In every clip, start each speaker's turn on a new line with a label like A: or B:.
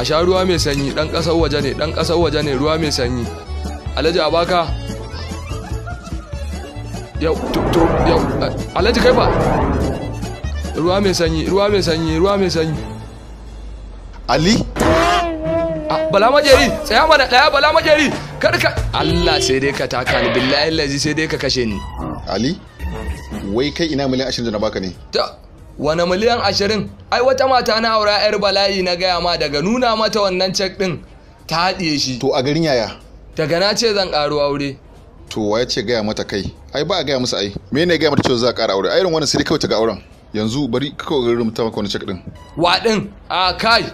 A: a sha ruwa mai sanyi dan kasar waje ne dan kasar waje ne ruwa mai sanyi alhaji abaka yau to yau alhaji kai ba ruwa mai sanyi ruwa mai sanyi ruwa mai sanyi ali bala majeri tsaya mana daya bala majeri kar ka Allah sai dai ka taka ni billahi lazi sai dai ka kashe ni ali wai kai ina miliyan 20 da na baka ne wani miliyan ashirin ai wata mata na aura yar bala'i na gaya ma daga nuna mata wannan cek din ta haɗiye shi to a garin yaya daga na ce zan ƙaru aure to wa ce gaya mata kai ai ba a gaya musu ai me ne gaya mata cewa za a ƙara aure ai irin wannan sai kawai ta ga auren yanzu bari kawai garin rubuta maka wani cek din wa din a kai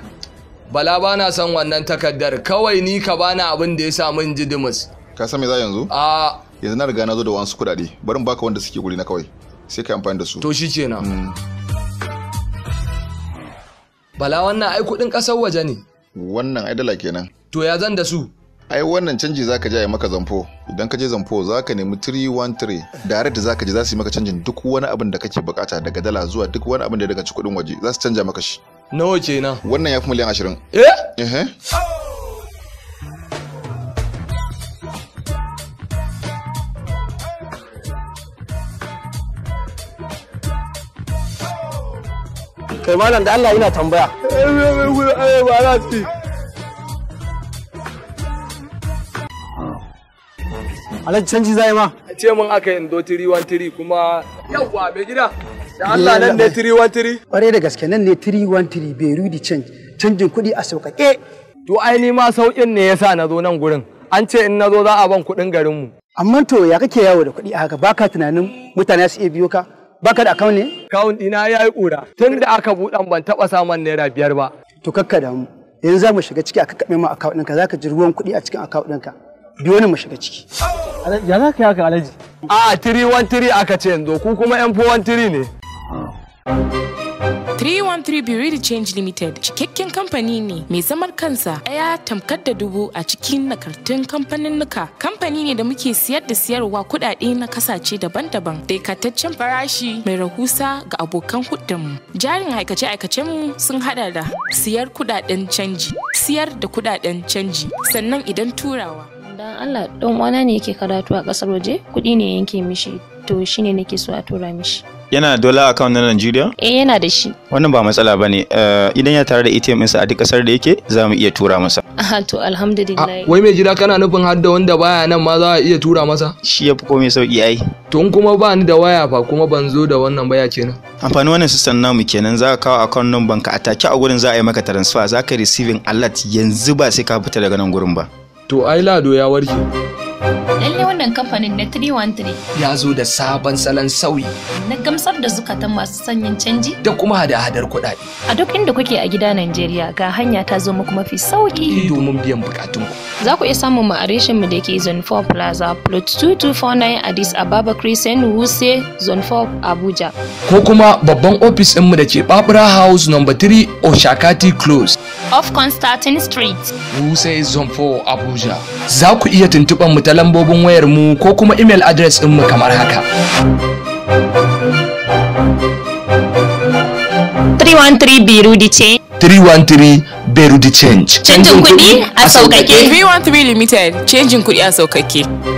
A: bala ba na son wannan takaddar kawai ni ka bana abin da ya samu in ji dimus ka san me za yanzu a yanzu na riga na zo da wasu kuɗaɗe barin baka wanda suke guri na kawai sai ka amfani da su to shi kenan mm. Bala wannan ai kuɗin ƙasar waje ne. Wannan ai dala kenan. To ya zan da su? Ai wannan canji zaka ka ya maka zamfo. Idan ka je zamfo za ka nemi 313 direct za ka je za su yi maka canjin duk wani abin da kake bukata daga dala zuwa duk wani abin da daga ci kuɗin waje za su canja maka shi. Nawa kenan? Wannan ya fi miliyan ashirin. Eh? Eh? kai malam da Allah yana tambaya Alhaji canji zai ma ce mun aka yi do 313 kuma yawa mai gida da Allah nan ne 313 ƙwarai da gaske nan ne 313 rudi change canjin kuɗi a sauƙaƙe to ai ni ma sauƙin ne yasa na zo nan gurin an ce in na zo za a ban kuɗin garinmu amma to ya kake yawo da kuɗi a haka baka tunanin mutane su iya biyo ka Baka da account ne? Account ina ya yi ƙura. Tun da aka buɗan ban taɓa samun naira biyar ba. To kakka damu. Yanzu za mu shiga ciki aka kaɓe ma account ɗinka zaka ji ruwan kuɗi a cikin account ɗinka. Biyo ni mu shiga ciki. Ya za ka yi haka alaji? A 313 aka ce yanzu ku kuma 413 ne. Ah.
B: 313 Bureau Change Limited cikakken kamfani ne mai zaman kansa ɗaya tamkar da dubu a cikin nakartun kamfanin nuka. Kamfani ne da muke siyar da siyarwa kuɗaɗe na kasace daban-daban daikataccen farashi mai rahusa ga abokan hudunmu. Jarin aikace mu sun hada da siyar kuɗaɗen canji, siyar da kuɗaɗen canji, sannan idan turawa. Dan Allah ɗan wana ne yake karatu a ƙasar waje kuɗi ne yanke mishi to shine nake so a tura mishi.
A: yana da a account na Najeriya?
B: Eh yana da shi.
A: Wannan ba matsala ba ne. Eh, idan ya tare da ATM ɗinsa a duk ƙasar da yake za mu iya tura masa.
B: Aha to alhamdulillah. Ah,
A: wai mai jira kana nufin har da wanda baya nan ma za a iya tura masa? Shi ya fi komai sauƙi ai. To in kuma ba ni da waya fa kuma ban zo da wannan baya kenan. Amfani wannan system namu kenan za ka kawo account number ka a take a gurin za a yi maka transfer za ka receiving alert yanzu ba sai ka fita daga nan gurin ba. To ai lado ya warke.
B: Lalle wannan kamfanin na 313
A: ya zo da sabon salon sauyi.
B: Na gamsar da zukatan masu sanyin canji. Da
A: kuma hada-hadar kuɗaɗe.
B: A duk inda kuke a gida Najeriya ga hanya ta zo muku mafi sauki. Eh, domin
A: biyan bukatun ku.
B: Za ku iya samun mu a reshen mu da ke Zone 4 Plaza Plot 2249 Addis Ababa Crescent Wuse Zone 4 Abuja.
A: Ko kuma babban ofis ɗinmu da ke Babura House No. 3 Oshakati Close.
B: Of Constantine Street. Wuse Zone 4 Abuja.
A: za ku iya tuntuɓar mu ta lambobin wayar mu ko kuma email address ɗinmu kamar haka.
B: 313 Birudi Change 313 Birudi Change Canjin kuɗi a sauƙaƙe 313 Limited Canjin kuɗi a sauƙaƙe